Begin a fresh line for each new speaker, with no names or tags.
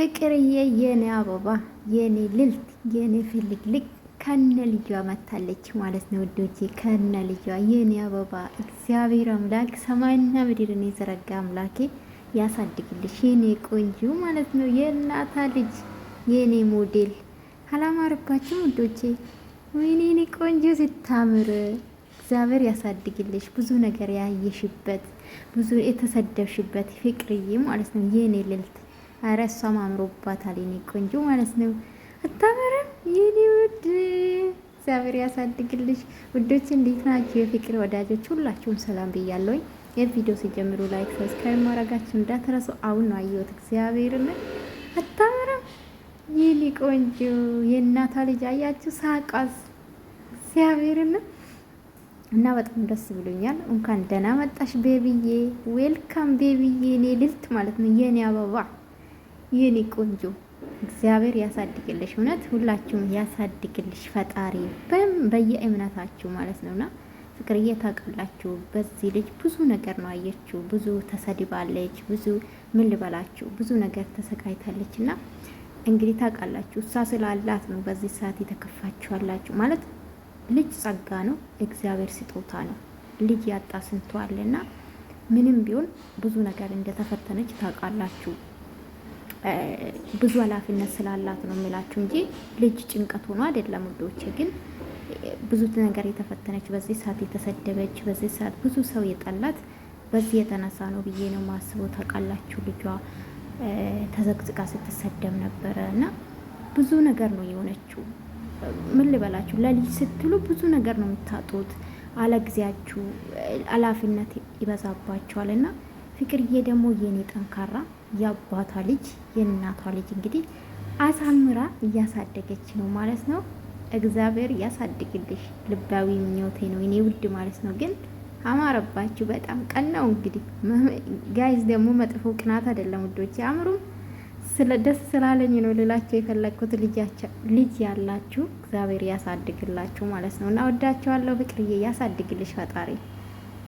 ፍቅርዬ የኔ አበባ የኔ ልልት የኔ ፍልግልግ ከነ ልጇ መታለች ማለት ነው ውዶቼ፣ ከነ ልጇ የኔ አበባ። እግዚአብሔር አምላክ ሰማይና ምድርን የዘረጋ አምላኬ ያሳድግልሽ የኔ ቆንጆ ማለት ነው የእናታ ልጅ የኔ ሞዴል። አላማረባችሁ ውዶቼ? ወይኔ የኔ ቆንጆ ስታምር እግዚአብሔር ያሳድግልሽ። ብዙ ነገር ያየሽበት፣ ብዙ የተሰደብሽበት ፍቅርዬ ማለት ነው የኔ ልልት አረ እሷም አምሮባታል የኔ ቆንጆ ማለት ነው። አታምርም የኔ ውድ? እግዚአብሔር ያሳድግልሽ። ውዶች እንዴት ናችሁ? የፍቅር ወዳጆች? ሁላችሁም ሰላም ብያለሁኝ። የቪዲዮ ሲጀምሩ ላይክ፣ ሰብስክራይብ ማድረጋችሁ እንዳትረሱ። አሁን ነው አየሁት። ነ አታምርም የኔ ቆንጆ? የእናቷ ልጅ አያችሁ እግዚአብሔር ነ እና በጣም ደስ ብሎኛል። እንኳን ደህና መጣሽ ቤቢዬ፣ ዌልካም ቤቢዬ፣ እኔ ልልት ማለት ነው የኔ አበባ የኔ ቆንጆ እግዚአብሔር ያሳድግልሽ። እውነት ሁላችሁም ያሳድግልሽ ፈጣሪ በየእምነታችሁ ማለት ነውና ፍቅር ታውቃላችሁ፣ በዚህ ልጅ ብዙ ነገር ነው አየችው። ብዙ ተሰድባለች፣ ብዙ ምን ልበላችሁ፣ ብዙ ነገር ተሰቃይታለች። እና እንግዲህ ታውቃላችሁ፣ እሷ ስላላት ነው በዚህ ሰዓት የተከፋችኋላችሁ። ማለት ልጅ ጸጋ ነው፣ እግዚአብሔር ስጦታ ነው። ልጅ ያጣ ስንቷልና ምንም ቢሆን ብዙ ነገር እንደተፈተነች ታውቃላችሁ። ብዙ ኃላፊነት ስላላት ነው የሚላችሁ እንጂ ልጅ ጭንቀት ሆኖ አይደለም። ውዶቼ ግን ብዙ ነገር የተፈተነች በዚህ ሰዓት የተሰደበች በዚህ ሰዓት ብዙ ሰው የጠላት በዚህ የተነሳ ነው ብዬ ነው ማስበው። ታውቃላችሁ ልጇ ተዘግዝቃ ስትሰደብ ነበረ እና ብዙ ነገር ነው የሆነችው። ምን ልበላችሁ፣ ለልጅ ስትሉ ብዙ ነገር ነው የምታጡት። አለ ጊዜያችሁ ኃላፊነት ይበዛባቸዋል እና ፍቅርዬ ደግሞ የኔ ጠንካራ የአባቷ ልጅ የእናቷ ልጅ እንግዲህ አሳምራ እያሳደገች ነው ማለት ነው። እግዚአብሔር ያሳድግልሽ ልባዊ ምኞቴ ነው የኔ ውድ ማለት ነው። ግን አማረባችሁ በጣም ቀን ነው እንግዲህ ጋይዝ ደግሞ መጥፎ ቅናት አይደለም ውዶች፣ አምሩም ደስ ስላለኝ ነው ልላቸው የፈለግኩት ልጅ ያላችሁ እግዚአብሔር ያሳድግላችሁ ማለት ነው። እና ወዳቸዋለሁ። ፍቅርዬ ያሳድግልሽ ፈጣሪ